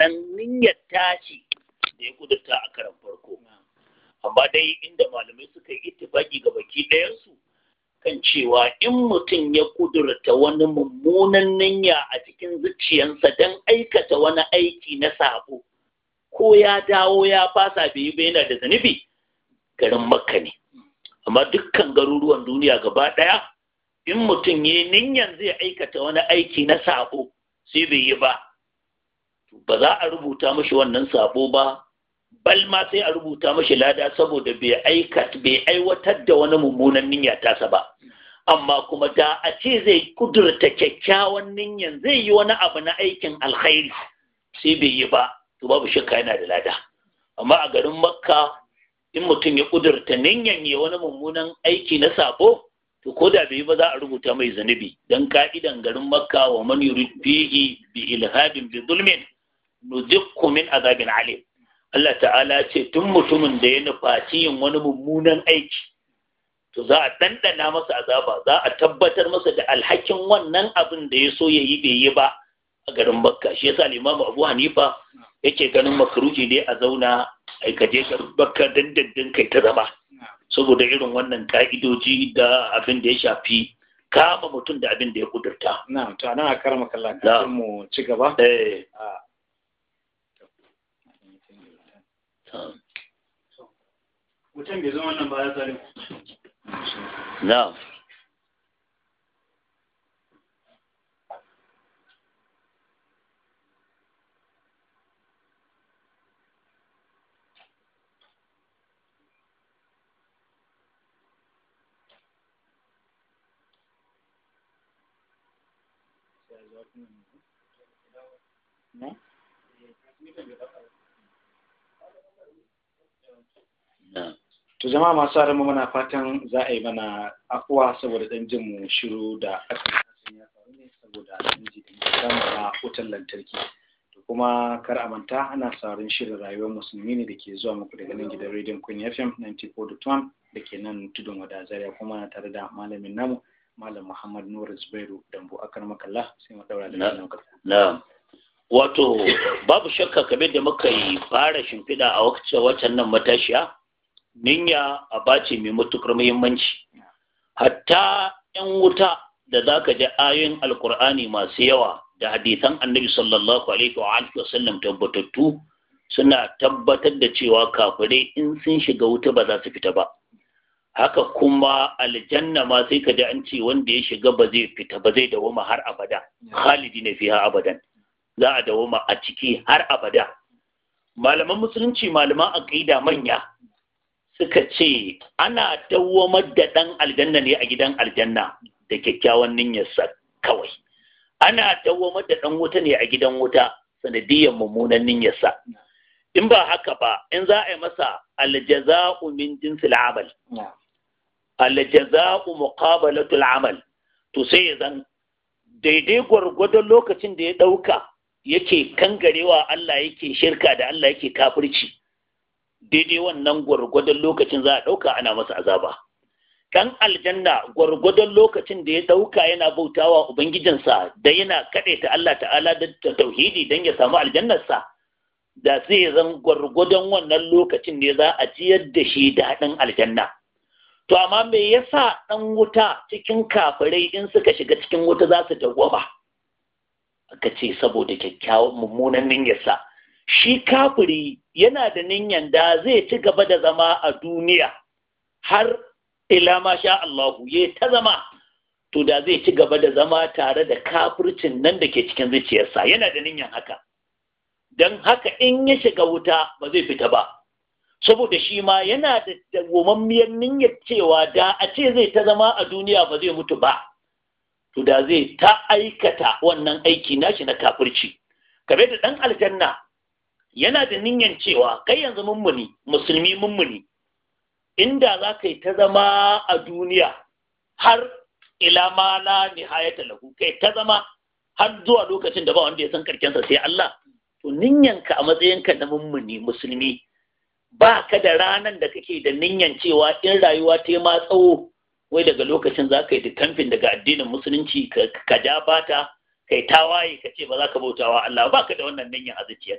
wannan niyyar tashi da ya kudurta a karan farko amma dai inda malamai suka yi ittifaki ga baki ɗayansu kan cewa in mutum ya kudurta wani mummunan niyya a cikin zuciyansa don aikata wani aiki na sabo ko ya dawo ya fasa bai yi yana da zanibi garin makka ne amma dukkan garuruwan duniya gaba ɗaya in mutum ya yi niyyan zai aikata wani aiki na sabo sai bai yi ba ba za a rubuta mashi wannan sabo ba bal ma sai a rubuta mashi lada saboda bai aikat bai aiwatar da wani mummunan niyya tasa ba amma kuma da a ce zai kudurta kyakkyawan niyyan zai yi wani abu na aikin alkhairi sai bai yi ba to babu shakka yana da lada amma a garin makka in mutum ya kudurta niyyan ya wani mummunan aiki na sabo to ko da bai ba za a rubuta mai zanubi. dan ka'idan garin makka wa man yurid bihi bi ilhadin bi zulmin nuzikku min azabin alim Allah ta'ala ce tun mutumin da ya nufaci yin wani mummunan aiki to za a dandana masa azaba za a tabbatar masa da alhakin wannan abin da ya so ya yi bai yi ba a garin bakka shi yasa limamu abu hanifa yake ganin makaruki ne a zauna aikaje ka bakka dandandan kai ta zama saboda irin wannan ka'idoji da abin da ya shafi kama mutum da abin da ya kudurta. Na, to a karama kallon mu ci gaba. Eh. Ah, No. Eh, wannan To zama masu arama mana fatan za a yi mana afuwa saboda ɗan jin mu shiru da akasin ya faru ne saboda ɗan ji da a wutar lantarki. To kuma kar a manta ana saurin shirin rayuwar musulmi ne da ke zuwa muku daga nan gidan rediyon Queen FM 94.1 da ke nan tudun wada zaria kuma na tare da malamin namu Malam Muhammad Nura Zubairu Dambu Akar Makalla sai mu ɗaura da nan Na'am. Wato babu shakka kamar da muka yi fara shimfiɗa a watan nan matashiya Ninya, a bace mai matukar muhimmanci hatta yan wuta da za ka ji ayoyin alkur'ani masu yawa da hadisan annabi sallallahu alaihi wa alihi wasallam tabbatattu suna tabbatar da cewa dai in sun shiga wuta ba za su fita ba haka kuma aljanna ma sai ka ji an ce wanda ya shiga ba zai fita ba zai dawoma har abada khalidi ne fiha abadan za a dawoma a ciki har abada malaman musulunci malaman aqida manya suka ce ana dawwamar da ɗan aljanna ne a gidan aljanna da kyakkyawan niyyarsa kawai ana dawwamar da ɗan wuta ne a gidan wuta sanadiyar mummunan niyyarsa in ba haka ba in za a yi masa aljaza'u min jinsil amal aljaza'u muqabalatul amal to sai ya zan daidai gwargwadon lokacin da ya ɗauka yake kangarewa Allah yake shirka da Allah yake kafirci daidai wannan gwargwadon lokacin za a ɗauka ana masa azaba ɗan aljanna gwargwadon lokacin da ya ɗauka yana bautawa ubangijinsa da yana kaɗe ta Allah ta'ala da tauhidi don ya samu aljannarsa da zai zan gwargwadon wannan lokacin ne za a ciyar da shi daɗin aljanna to amma me yasa ɗan wuta cikin kafirai in suka shiga cikin wuta za su dawwama aka ce saboda kyakkyawan mummunan niyyarsa shi kafiri yana da ninyan da zai ci gaba da zama a duniya har ila ma sha Allahu ya ta zama to da zai ci gaba da zama tare da kafircin nan da ke cikin zuciyarsa yana da ninyan haka don haka in ya shiga wuta ba zai fita ba saboda shi ma yana da dawwammiyar niyyar cewa da a ce zai ta zama a duniya ba zai mutu ba to da zai ta aikata wannan aiki nashi na kafirci kamar da dan aljanna yana da niyyar cewa kai yanzu mummuni musulmi mummuni inda za ka yi ta zama a duniya har ila ma la nihayata lahu kai ta zama har zuwa lokacin da ba wanda ya san karkensa sai Allah to ninyanka a matsayinka na mummuni musulmi ba ka da ranan da kake da ninyan cewa in rayuwa ta ma tsawo wai daga lokacin za ka yi kamfin daga addinin musulunci ka ja bata kai tawaye ka ce ba za ka bautawa Allah ba ka da wannan ninyan a zuciyar